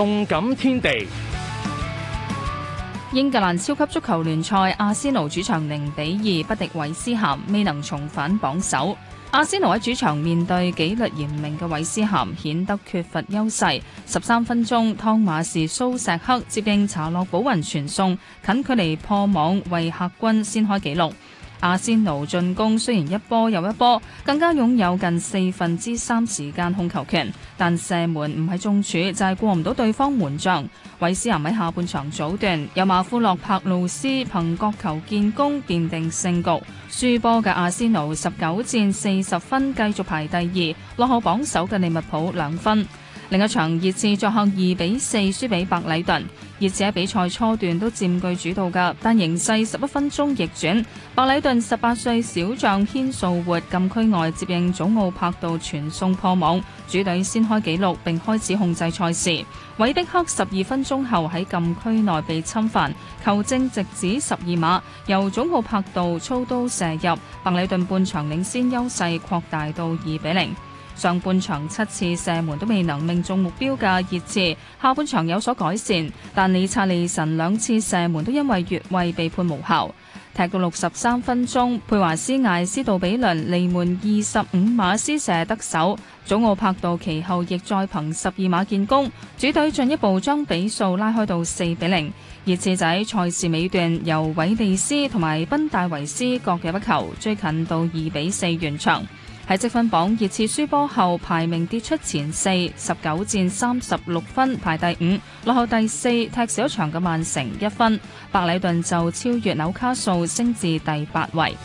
動感天地，英格蘭超級足球聯賽，阿仙奴主場零比二不敵韋斯咸，未能重返榜首。阿仙奴喺主場面對紀律嚴明嘅韋斯咸，顯得缺乏優勢。十三分鐘，湯馬士蘇石克接應查洛保雲傳送，近距離破網，為客軍先開紀錄。阿仙奴進攻雖然一波又一波，更加擁有近四分之三時間控球權，但射門唔係中柱就係、是、過唔到對方門將。韋斯咸喺下半場早段，由馬夫洛帕路斯憑角球建功奠定勝局。輸波嘅阿仙奴十九戰四十分，繼續排第二，落後榜首嘅利物浦兩分。另一場，熱刺作客二比四輸俾白禮頓，熱刺喺比賽初段都佔據主導㗎，但形勢十一分鐘逆轉，白禮頓十八歲小將軒素活禁區外接應祖奧柏度傳送破網，主隊先開紀錄並開始控制賽事。韋碧克十二分鐘後喺禁區內被侵犯，球證直指十二碼，由祖奧柏度操刀射入，白禮頓半場領先優勢擴大到二比零。上半場七次射門都未能命中目標嘅熱刺，下半場有所改善，但理察利神兩次射門都因為越位被判無效。踢到六十三分鐘，佩華斯艾斯杜比倫離門二十五碼施射得手，祖奧帕度其後亦再憑十二碼建功，主隊進一步將比數拉開到四比零。熱刺仔賽事尾段由韋利斯同埋賓戴維斯各入一球，追近到二比四完場。喺積分榜，熱刺輸波後排名跌出前四，十九戰三十六分排第五，落後第四踢少場嘅曼城一分。白禮頓就超越紐卡素升至第八位。